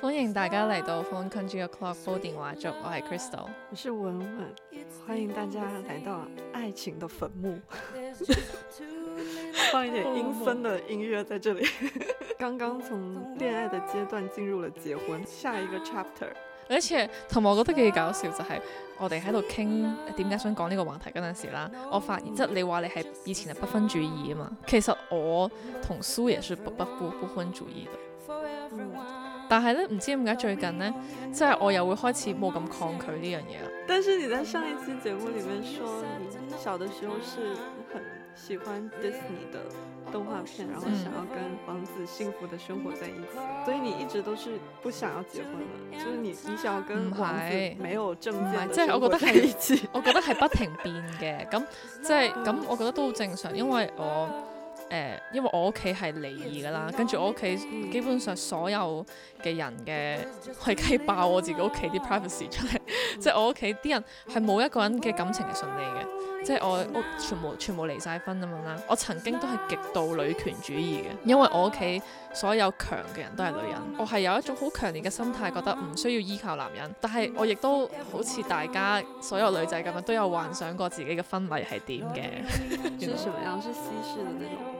歡迎大家嚟到 Phone Congee o'clock 煲電話粥，我係 Crystal，我是文文，歡迎大家來到愛情的墳墓。放一點陰森的音樂在這裡。 剛剛從戀愛的階段進入了結婚，下一個 chapter。而且同埋我覺得幾搞笑就係我哋喺度傾點解想講呢個話題嗰陣時啦，我發現即係、嗯、你話你係以前係不婚主義嘛，其實我同蘇也是不不不婚主義的。嗯但係咧，唔知點解最近咧，即係我又會開始冇咁抗拒呢樣嘢啦。但是你在上一期節目裏面說，你小的時候是很喜歡 Disney 的動畫片，然後想要跟王子幸福的生活在一起，嗯、所以你一直都是不想要結婚啦。即係你你想要跟王子沒有正，唔係即係我覺得係， 我覺得係不停變嘅，咁即係咁，就是、我覺得都好正常，因為我。誒，因為我屋企係離異噶啦，跟住我屋企基本上所有嘅人嘅係雞爆我自己屋企啲 privacy 出嚟，即、嗯、係 我屋企啲人係冇一個人嘅感情係順利嘅，即、就、係、是、我屋全部全部離晒婚咁樣啦。我曾經都係極度女權主義嘅，因為我屋企所有強嘅人都係女人，我係有一種好強烈嘅心態，覺得唔需要依靠男人。但係我亦都好似大家所有女仔咁樣，都有幻想過自己嘅婚禮係點嘅。係咩樣？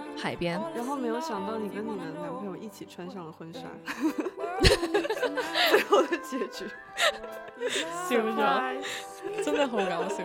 海邊，然後沒有想到你跟你的男朋友一起穿上了婚紗，最後的結局，笑咗 截 笑了， 真係好搞笑。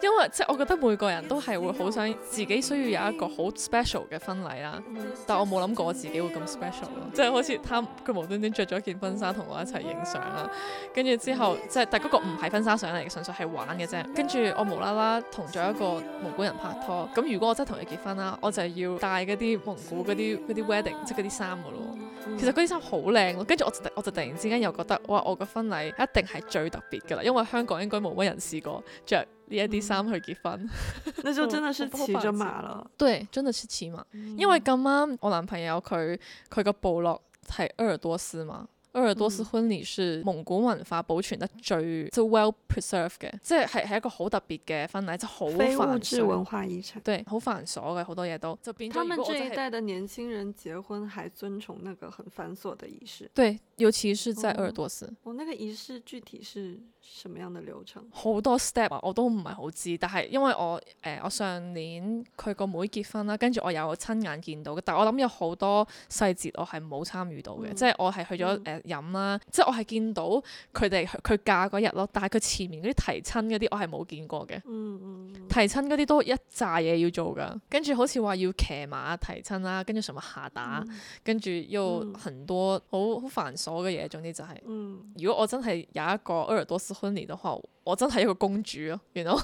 因為即係、就是、我覺得每個人都係會好想自己需要有一個好 special 嘅婚禮啦，但我冇諗過我自己會咁 special 咯，即係好似他佢無端端着咗一件婚紗同我一齊影相啦，跟住之後即係、就是、但嗰個唔係婚紗相嚟嘅，純粹係玩嘅啫。跟住我無啦啦同咗一個蒙古人拍拖，咁如果我真係同你結婚啦，我就要帶。睇嗰啲蒙古嗰啲啲 wedding 即係嗰啲衫嘅咯，其實嗰啲衫好靚咯，跟住我就我就突然之間又覺得，哇！我個婚禮一定係最特別㗎喇，因為香港應該冇乜人試過着呢一啲衫去結婚。嗯、 那就真係騎咗馬喇， 對，真係騎馬、嗯，因為咁啱我男朋友佢佢個部落係鄂爾多斯嘛。鄂爾多斯婚禮是蒙古文化保存得最 so、嗯、well preserved 嘅，即係係係一個好特別嘅婚禮，即係好繁瑣，非物質文化遺產，對，好繁瑣嘅好多嘢都。就變他們這一代嘅年輕人結婚還遵從那個很繁瑣嘅儀式。對。尤其是在鄂爾多斯，我、哦、那個儀式具體是什麼樣的流程？好多 step 啊，我都唔係好知道。但係因為我誒、呃、我上年佢個妹，妹結婚啦、啊，跟住我有親眼見到嘅，但係我諗有好多細節我係冇參與到嘅、嗯，即係我係去咗誒飲啦，即係我係見到佢哋佢嫁嗰日咯。但係佢前面嗰啲提親嗰啲我係冇見過嘅。嗯嗯。提親嗰啲都一紮嘢要做㗎，跟住好似話要騎馬提親啦、啊，跟住什麼下打，嗯、跟住要很多好好繁多嘅嘢，總之就係、是嗯，如果我真係有一個鄂爾多斯婚禮的話，我真係一個公主咯，You know。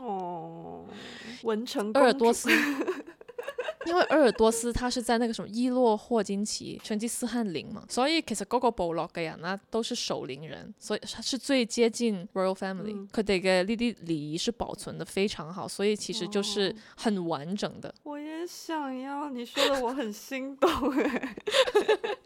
哦，文成公主。鄂爾多斯， 因為鄂爾多斯，它是在那個什麼伊洛霍金旗，成吉思汗陵嘛，所以其實嗰個部落嘅人啊，都是守陵人，所以它是最接近 royal family，佢哋嘅呢啲禮儀是保存得非常好，所以其實就是很完整的。哦、我也想要，你說的我很心動，誒。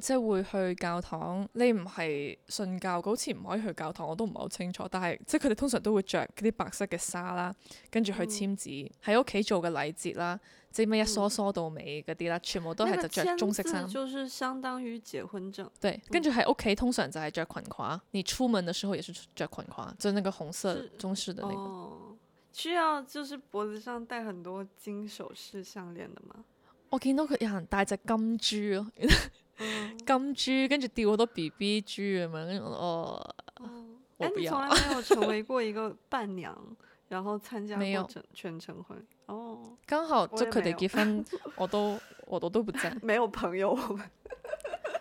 即係會去教堂，你唔係信教，好似唔可以去教堂，我都唔係好清楚。但係即係佢哋通常都會着嗰啲白色嘅紗啦，跟住去簽字，喺屋企做嘅禮節啦，即係咩一梳梳到尾嗰啲啦，全部都係就着中式衫。那個、就是相當於結婚證。對，嗯、跟住喺屋企通常就係着裙褂。你出門嘅時候也是着裙褂，就那個紅色中式嘅那個。需要就是脖子上戴很多金首飾、項鍊的嗎？我見到佢有人戴隻金豬咯，金豬跟住掉好多 B B 豬咁樣，跟住我、哦嗯。我唔有。我、欸、有成為過一個伴娘， 然後參加全程婚。哦，剛好即佢哋結婚，我都 我都我都不在。沒有朋友，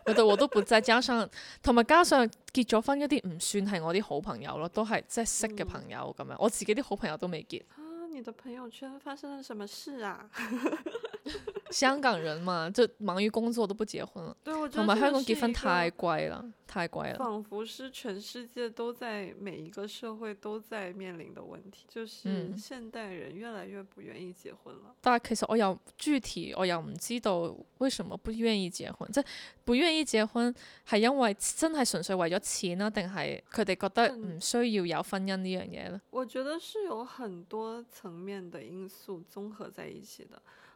我 對我都不在張上同埋加上，加上結咗婚一啲唔算係我啲好朋友咯，都係即係識嘅朋友咁樣、嗯。我自己啲好朋友都未結。啊，你的朋友圈發生了什麼事啊？ 香港人嘛，就忙於工作都不結婚了，對，我覺得，同埋香港結婚太貴啦，太貴啦，仿佛是全世界都在每一個社會都在面臨的問題，嗯、就是現代人越來越不願意結婚了。但係其實我又具體我又唔知道為什麼不願意結婚，即係不願意結婚係因為真係純粹為咗錢啊，定係佢哋覺得唔需要有婚姻呢樣嘢咧？我覺得是有很多層面的因素綜合在一起的。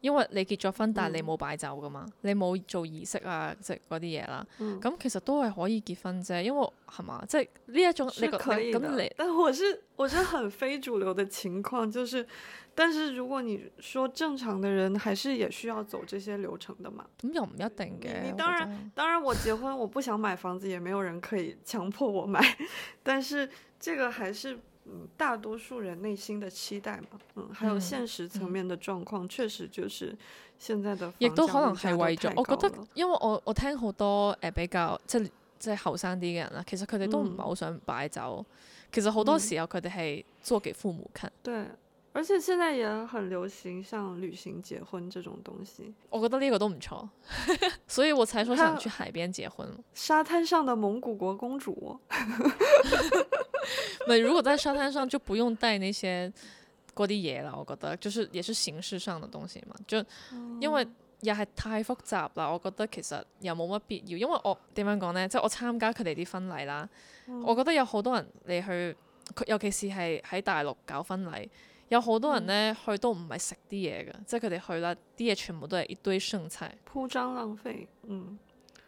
因為你結咗婚，但係你冇擺酒㗎嘛，嗯、你冇做儀式啊，即係嗰啲嘢啦。咁、嗯、其實都係可以結婚啫，因為係嘛，即係呢一種。係可以的，你你但我是我是很非主流的情況， 就是，但是如果你說正常的人，還是也需要走這些流程的嘛。咁又唔一定嘅。你，你當然當然，我結婚 我不想買房子，也沒有人可以強迫我買，但是這個還是。嗯、大多數人內心的期待嘛，嗯，還有現實層面的狀況，嗯、確實就是現在的亦都可能房價都太高了。我覺得，因為我我聽好多誒、呃，比較即即後生啲嘅人啦，其實佢哋都唔係好想擺酒、嗯。其實好多時候，佢哋係做給父母看、嗯。對，而且現在也很流行像旅行結婚這種東西，我覺得呢個都唔錯。 所以我才說想去海邊結婚，沙灘上的蒙古國公主。 唔， 如果在沙灘上就不用帶那些嗰啲嘢啦。我覺得，就是也是形式上的東西嘛，就因為又係太複雜啦，我覺得其實又冇乜必要。因為我點樣講呢？即係我參加佢哋啲婚禮啦、嗯，我覺得有好多人嚟，去，尤其是係喺大陸搞婚禮，有好多人呢、嗯、去都唔係食啲嘢嘅。即係佢哋去啦，啲嘢全部都係一堆剩菜，鋪張浪費，嗯。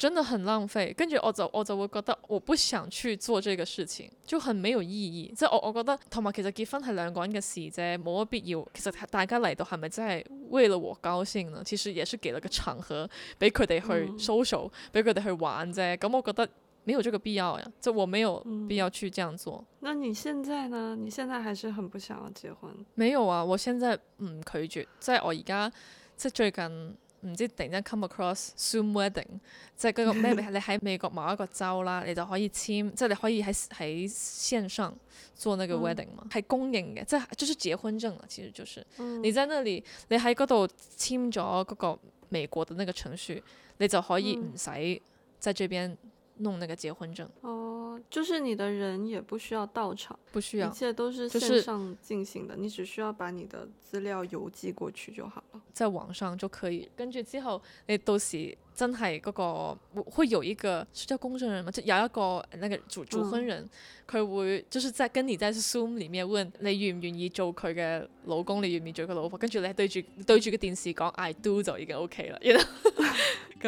真的很浪費，跟住我就我就會覺得我不想去做這個事情，就很沒有意義。即係我我覺得同埋其實結婚係兩個人嘅事啫，冇乜必要。其實大家嚟到係咪真係為了我高興呢？其實也是給了個場合俾佢哋去 social，俾佢哋去玩啫。咁我覺得沒有這個必要呀，即我沒有必要去這樣做。嗯。那你現在呢？你現在還是很不想要結婚？沒有啊，我現在唔拒絕，即係我而家即係最近。唔知突然間 come across Zoom wedding，即係嗰個咩？ 你喺美國某一個州啦，你就可以簽，即、就、係、是、你可以喺喺線上做那個 wedding 嘛？係公認嘅，即係就是結婚證啦、啊，其實就是、嗯、你在那裡你喺嗰度簽咗嗰個美國的那個程序，你就可以唔使喺呢邊。弄那個結婚證哦，就是你的人也不需要到場，不需要，一切都是線上進行的，就是，你只需要把你的資料郵寄過去就好了，在，就，網，是，上就可以。跟住之後，你到時真係嗰，那個會有一個，叫公證人嘛，就有一個那個主主婚人，佢，嗯、會就是在跟你在 Zoom 裏面問你願唔願意做佢嘅老公，你願唔願意做佢老婆，跟住你對住對住個電視講 I do 就已經 OK 了，嗯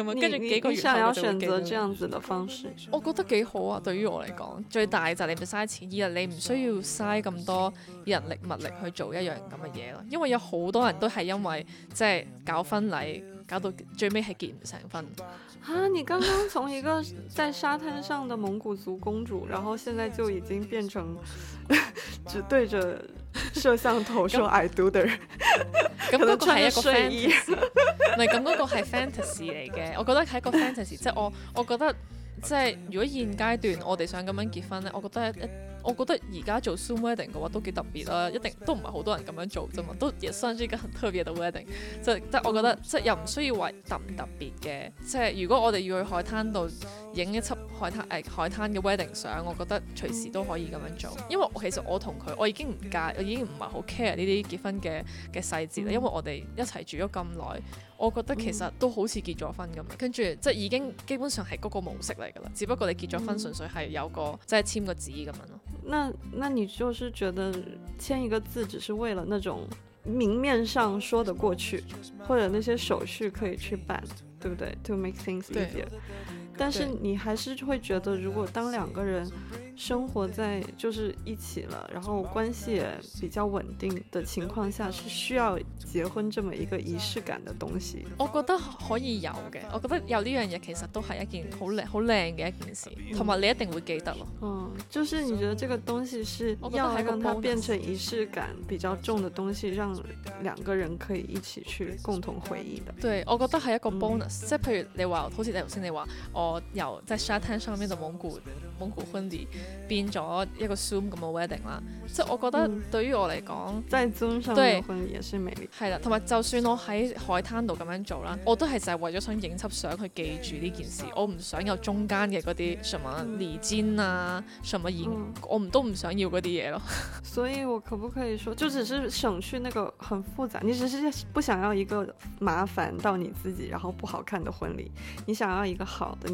跟住幾個月你你想要選擇這樣子的方式，我覺得幾好啊！對於我嚟講，最大就係你唔嘥錢，二嚟你唔需要嘥咁多人力物力去做一樣咁嘅嘢咯。因為有好多人都係因為即係、就是、搞婚禮。搞到最尾係結唔成婚。啊！你剛剛從一個在沙灘上嘅蒙古族公主， 然後現在就已經變成 只對着攝像頭說 I do 咁嗰個係一個睡衣。唔係， 咁嗰個係 fantasy 嚟嘅。 我覺得係一個 fantasy，即 係我，我覺得即係、就是、如果現階段我哋想咁樣結婚咧，我覺得係一。呃我覺得而家做 Zoom wedding 嘅話都幾特別啦，一定都唔係好多人咁樣做啫嘛，都亦屬於一個特別嘅 wedding 即。即係即係我覺得即係又唔需要話特唔特別嘅。即係如果我哋要去海灘度影一輯海灘誒海灘嘅 wedding 相，我覺得隨時都可以咁樣做。因為我其實我同佢我已經唔介，我已經唔係好 care 呢啲結婚嘅嘅細節啦。因為我哋一齊住咗咁耐。我覺得其實都好似結咗婚咁樣，嗯、跟住即係已經基本上係嗰個模式嚟噶啦，只不過你結咗婚純粹係有個、嗯、即係簽個字咁樣咯。那那你就是覺得簽一個字只是為了那種明面上說得過去，或者那些手續可以去辦，對唔對？To make things easier。但是你還是會覺得，如果當兩個人生活在就是一起了，然後關係也比較穩定的情況下，是需要結婚這麼一個儀式感的東西。我覺得可以有嘅，我覺得有呢樣嘢其實都係一件好靚好靚嘅一件事，同埋你一定會記得咯。嗯，就是你覺得這個東西是要讓它變成儀式感比較重的東西，讓兩個人可以一起去共同回憶的。對，我覺得係一個 bonus，即係譬如你話好似頭先你話我由即係沙灘上面度蒙古蒙古婚禮變咗一個 zoom 咁嘅 wedding 啦，即係我覺得對於我嚟講，即、嗯、係 zoom 上嘅婚禮，也是美麗。係啦，同埋就算我喺海灘度咁樣做啦，我都係就係為咗想影輯相去記住呢件事，我唔想有中間嘅嗰啲什麼禮金啊，什麼影、嗯，我唔都唔想要嗰啲嘢咯。所以，我可不可以說就只是省去那個很複雜，你只是不想要一個麻煩到你自己，然後不好看的婚禮，你想要一個好的。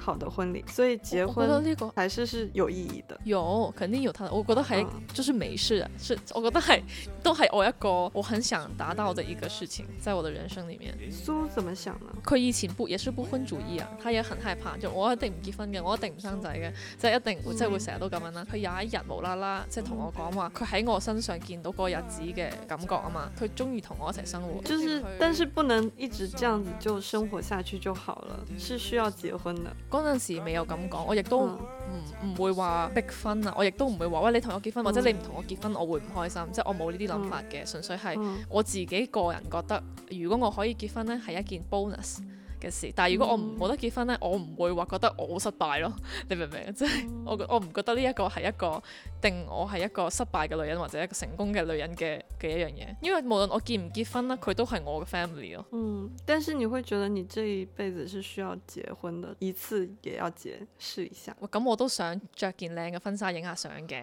好的婚禮，所以結婚，我覺得呢個還是是有意義的、這個。有，肯定有。他，我覺得係，uh -huh. 就是沒事，啊。是，我覺得係，都係我一個，我很想達到的一個事情，在、就是、我的人生裏面。蘇、so, 怎麼想呢？佢以前不，也是不婚主義啊。他也很害怕，就我一定唔結婚，嘅，我一定唔生仔嘅，即、就、係、是、一定，即、mm. 係會成日都咁樣啦。佢有一日無啦啦，即係同我講話，佢喺我身上見到過日子嘅感覺啊嘛。佢中意同我一齊生活。就是，但是不能一直這樣子就生活下去就好了，是需要結婚的。嗰陣時未有咁講，我亦都唔唔、嗯嗯、會話逼婚啊！我亦都唔會話喂你同我結婚，或、嗯、者、就是、你唔同我結婚，我會唔開心，即、就、係、是、我冇呢啲諗法嘅、嗯，純粹係、嗯、我自己個人覺得，如果我可以結婚呢，係一件 bonus 嘅事，但係如果我唔冇得結婚咧、嗯，我唔會話覺得我失敗咯，你明唔明？即、嗯、係我我唔覺得呢一個係一個定我係一個失敗嘅女人，或者一個成功嘅女人嘅嘅一樣嘢，因為無論我結唔結婚咧，佢都係我嘅 family 咯。嗯，但是你會覺得你這一輩子是需要結婚的，一次也要結試一下。咁、嗯、我都想着件靚嘅婚紗影下相嘅，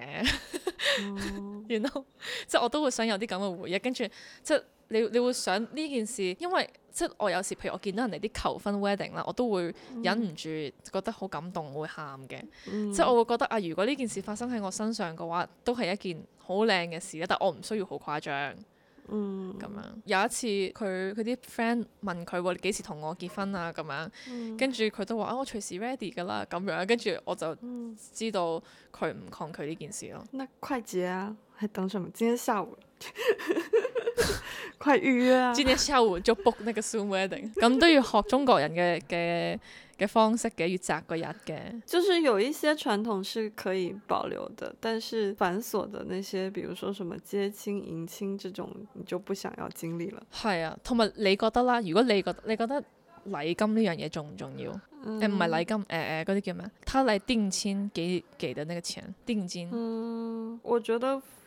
然後即係我都會想有啲咁嘅回憶，跟住即你你會想呢件事，因為即係我有時，譬如我見到人哋啲求婚 wedding 啦，我都會忍唔住、嗯、覺得好感動，會喊嘅、嗯。即係我會覺得啊，如果呢件事發生喺我身上嘅話，都係一件好靚嘅事啦。但我唔需要好誇張。咁、嗯、樣有一次佢佢啲 friend 問佢喎，你幾時同我結婚啊？咁樣、嗯、跟住佢都話啊，我隨時 ready 㗎啦。咁樣跟住我就知道佢唔抗拒呢件事咯。那快結啊！還等什麼？今天下午。 快預約啊！今天下午就 book 呢個 Zoom wedding，咁 都要學中國人嘅嘅嘅方式嘅，要擇個日嘅。就是有一些傳統是可以保留的，但是繁瑣的那些，比如說什麼接親、迎親這種，你就不想要經歷了。係 啊，同埋你覺得啦，如果你覺得你覺得禮金呢樣嘢重唔重要？誒、嗯，唔係禮金，誒、欸、誒，嗰、欸、啲叫咩？他嚟定千幾給的那個錢？定金、嗯。我覺得。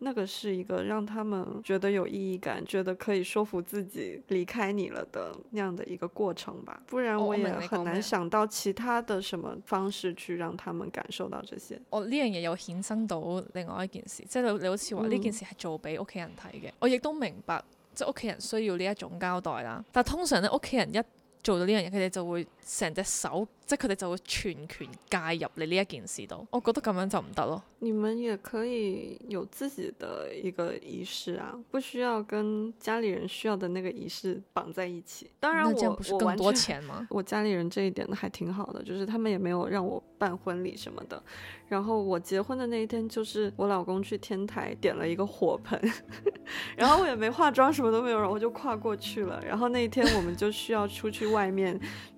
那個是一個讓他們覺得有意義感，覺得可以說服自己離開你了的那樣的一個過程吧。不然我也很難想到其他的什麼方式去讓他們感受到這些。哦，呢樣嘢有衍生到另外一件事，即係你好似話呢件事係做俾屋企人睇嘅，嗯。我亦都明白，即係屋企人需要呢一種交代啦。但通常咧，屋企人一做到呢樣嘢，佢哋就會成隻手。即係佢哋就會全權介入你呢一件事度，我覺得咁樣就唔得咯。你們也可以有自己的一個儀式啊，不需要跟家裡人需要的那個儀式綁在一起。當然我我完全我家裏人這一點呢，還挺好的，就是他們也沒有讓我辦婚禮什麼的。然後我結婚的那一天，就是我老公去天台點了一個火盆，然後我也沒化妝，什麼都沒有，然後我就跨過去了。然後那一天我們就需要出去外面。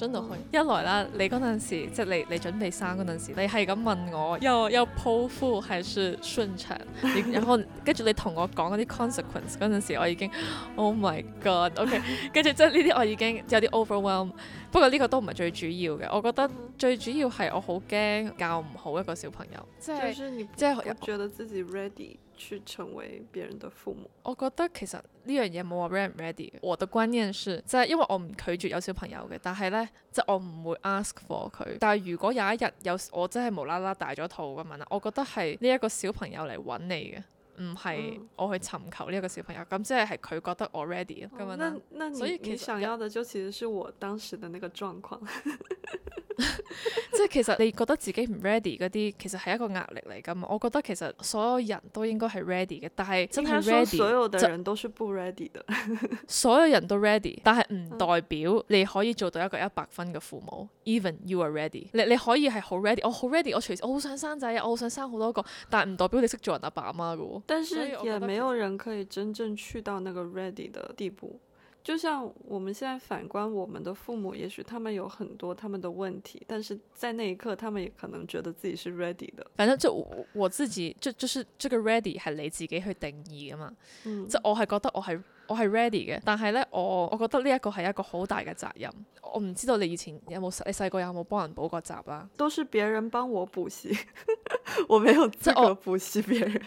嗯、一來啦，你嗰陣時即係你你準備生嗰陣時，你係咁問我，又又剖腹係算順產， 然後跟住你同我講嗰啲 consequence 嗰陣時，我已經 oh my god，ok，、okay、跟住 即係呢啲我已經有啲 overwhelmed，不過呢個都唔係最主要嘅，我覺得最主要係我好驚教唔好一個小朋友，即係即係覺得自己 ready。 去成為別人的父母，我覺得其實呢樣嘢冇話 ready 唔 ready 嘅。我的觀念是，即係因為我唔拒絕有小朋友嘅，但係咧，即係我唔會 ask for 佢。但係如果有一日有我真係無啦啦大咗肚咁樣啦，我覺得係呢一個小朋友嚟搵你嘅，唔係我去尋求呢一個小朋友。咁即係係佢覺得我 ready 咯，咁樣，所以其你想要嘅就其實是我當時的那個狀況。 即係其實你覺得自己唔 ready 嗰啲，其實係一個壓力嚟噶嘛。我覺得其實所有人都應該係 ready 嘅，但係真係 ready 所有嘅人都是不 ready 嘅。 所有人都 ready，但係唔代表你可以做到一個一百分嘅父母，嗯。Even you are ready，你你可以係好 ready，我好 ready，我隨時，我好想生仔啊，我好想生好多個，但係唔代表你識做人阿爸阿媽噶。但是也沒有人可以真正去到那個 ready 的地步。就像我們現在反觀我們的父母，也許他們有很多他們的問題，但是在那一刻，他們也可能覺得自己是 ready 的。反正就我，我自己，就就是這個 ready 係你自己去定義噶嘛。即、嗯、我係覺得我係我係 ready 嘅，但係咧我我覺得呢一個係一個好大嘅責任。我唔知道你以前有冇細你細個有冇幫人補過習啊？都是別人幫我補習， 我沒有資格補習別人。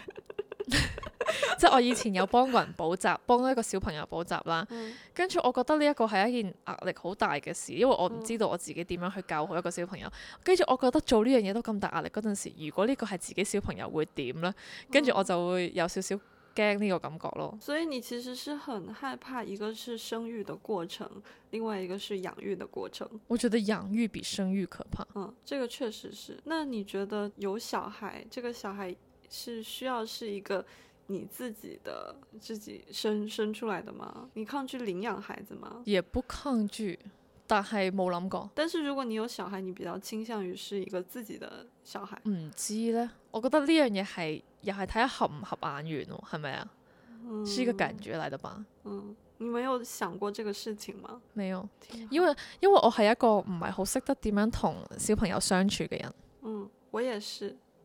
即係我以前有幫過人補習，幫 一個小朋友補習啦。跟、嗯、住我覺得呢一個係一件壓力好大嘅事，因為我唔知道我自己點樣去教好一個小朋友。跟、嗯、住我覺得做呢樣嘢都咁大壓力的時，嗰陣時如果呢個係自己小朋友會點咧？跟、嗯、住我就會有少少驚呢個感覺咯。所以你其實是很害怕，一個是生育的過程，另外一個是養育的過程。我覺得養育比生育可怕。嗯，這個確實是。那你覺得有小孩，這個小孩是需要是一個？你自己的自己生生出來的嗎？你抗拒領養孩子嗎？也不抗拒，但係冇諗過。但是如果你有小孩，你比較傾向於是一個自己的小孩。唔知咧，我覺得呢樣嘢係又係睇合唔合眼緣咯，哦，係咪啊？嗯，是一個感覺嚟的吧。嗯，你有冇想過這個事情嗎？沒有，因為因為我係一個唔係好識得點樣同小朋友相處嘅人。嗯，我也是。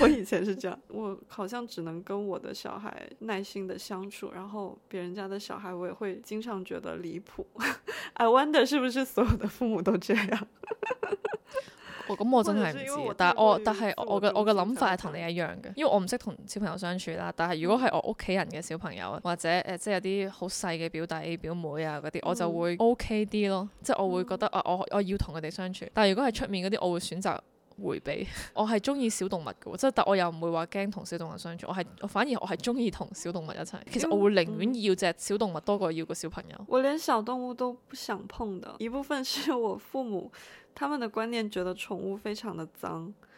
我以前是這樣， 我好像只能跟我的小孩耐心的相處，然後別人家的小孩我也會經常覺得離譜。 I wonder 是不是所有的父母都這樣？我 咁、哦、我真係唔知但，但係我但係我嘅我嘅諗法係同你一樣嘅，因為我唔識同小朋友相處啦。但係如果係我屋企人嘅小朋友或者誒即係有啲好細嘅表弟表妹啊嗰啲，我就會 OK 啲咯，即、就、係、是、我會覺得啊我、嗯、我要同佢哋相處。但係如果係出面嗰啲，我會選擇。回避。我係中意小動物嘅，即係但我又唔會話驚同小動物相處。我係我反而我係中意同小動物一齊。其實我會寧願要隻小動物多過要個小朋友。因為我連小動物都不想碰的，一部分是我父母他們的觀念覺得寵物非常的髒。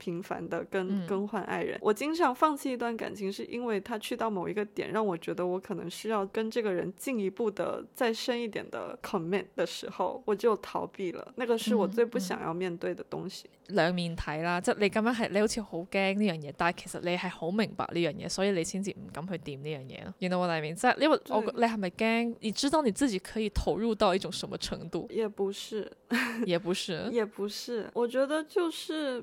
頻繁的跟更換愛人，嗯，我經常放棄一段感情，是因為他去到某一個點，讓我覺得我可能需要跟這個人進一步的再深一點的 commit 的時候，我就逃避了。那個是我最不想要面對的東西。嗯嗯、兩面睇啦，即、就、係、是、你咁樣係，你好似好驚呢樣嘢，但係其實你係好明白呢樣嘢，所以你先至唔敢去掂呢樣嘢咯。原 you 來 know what I mean? 我大明，即係因我你係咪驚？你知道你自己可以投入到一種什麼程度？也不是，也不是， 也，不是 也，不是也不是。我覺得就是。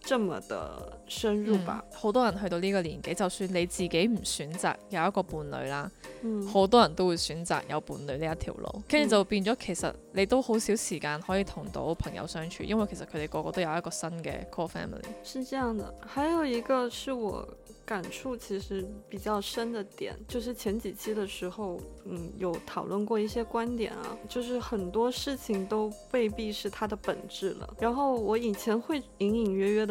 這麼的深入吧，嗯、好多人去到呢個年紀，就算你自己唔選擇有一個伴侶啦，嗯、好多人都會選擇有伴侶呢一條路，嗯、跟住就變咗，其實你都好少時間可以同到朋友相處，因為其實佢哋個個都有一個新嘅 core family。是這樣的，還有一個是我感觸其實比較深的點，就是前幾期的時候，嗯，有討論過一些觀點啊，就是很多事情都未必是它的本質了。然後我以前會隱隱約約的。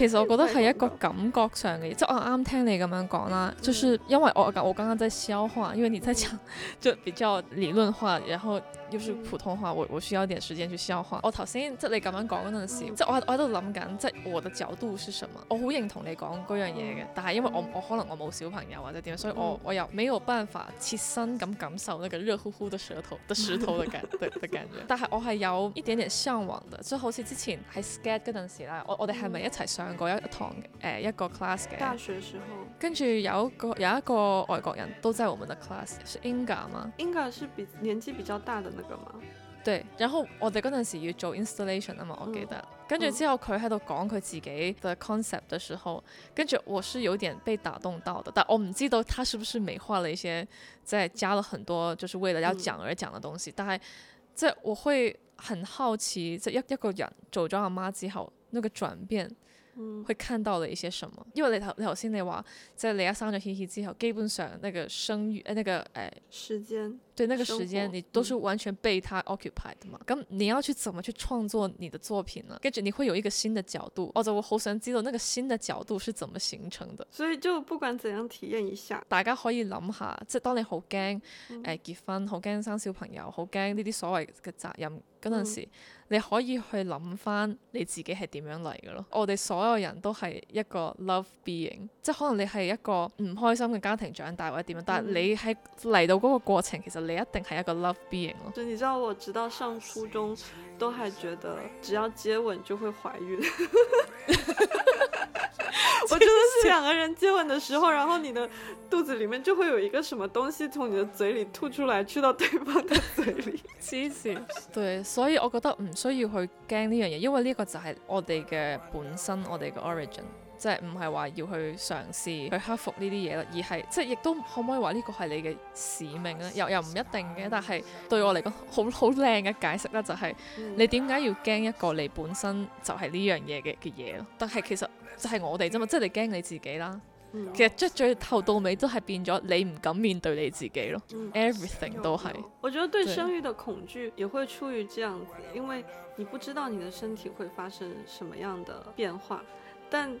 其實我覺得係一個感覺上嘅，嘢。即係我啱聽你咁樣講啦、嗯，就是因為我我剛剛在消化，因為你在講就比較理論化，然後又是普通話，我我需要點時間去消化。我頭先即係你咁樣講嗰陣時、嗯，即係我我喺度諗緊，即係我嘅角度是什麼？我好認同你講嗰樣嘢嘅，但係因為我我可能我冇小朋友或者點樣，所以我我又冇辦法切身咁感受呢個熱乎乎的舌頭、嗯、的舌頭嘅的感覺。嗯、但係我係有一點點向往的，就好似之前喺 skate 嗰陣時啦，我我哋係咪一齊上？過一堂誒一個 class 嘅大學時候，跟住有一個有一個外國人都在我們的 class，是 Inga 嘛？Inga 是比年紀比較大的那個嗎？對，然後我哋嗰陣時要做 installation 啊嘛，我記得。嗯、跟住之後佢喺度講佢自己嘅 concept 嘅時候，嗯、跟住我是有點被打動到的。但我唔知道他是不是美化了一些，再、就是、加了很多，就是為了要講而講的東西。嗯、但係，即、就、係、是、我會很好奇，即、就、一、是、一個人做咗阿媽之後，那個轉變。會看到了一些什麼？因為你頭你頭先你話，即係你一生咗希希之後，基本上那個生育誒，那個誒、哎、時間。所以那個時間你都是完全被他 occupied 嘛？咁、嗯、你要去怎麼去創作你的作品呢、啊？跟住你會有一個新的角度，我就會好想知道那個新的角度是怎麼形成的？所以就不管怎樣體驗一下，大家可以諗下，即係當你好驚誒結婚、好驚生小朋友、好驚呢啲所謂嘅責任陣時、嗯，你可以去諗翻你自己係點樣嚟嘅咯。嗯、我哋所有人都係一個 love being，即係可能你係一個唔開心嘅家庭長大或者點樣，但係你喺嚟到嗰個過程，其實。你一定係一個 love being 咯，你知道我，我直到上初中都還覺得只要接吻就會懷孕。 我覺得是兩個人接吻的時候，然後你的肚子裏面就會有一個什麼東西從你的嘴裏吐出來，去到對方的嘴裏。 對，所以我覺得唔需要去驚呢樣嘢，因為呢個就係我哋嘅本身，我哋嘅 origin。即係唔係話要去嘗試去克服呢啲嘢啦，而係即係亦都可唔可以話呢個係你嘅使命咧？又又唔一定嘅，但係對我嚟講，好好靚嘅解釋啦、就是，就、嗯、係你點解要驚一個你本身就係呢樣嘢嘅嘅嘢咯？但係其實就係我哋啫嘛，即、就、係、是、你驚你自己啦、嗯。其實從最頭到尾都係變咗你唔敢面對你自己咯、嗯。Everything 都係。我覺得對生育嘅恐懼也會出於這樣子，因為你不知道你嘅身體會發生什麼樣的變化，但。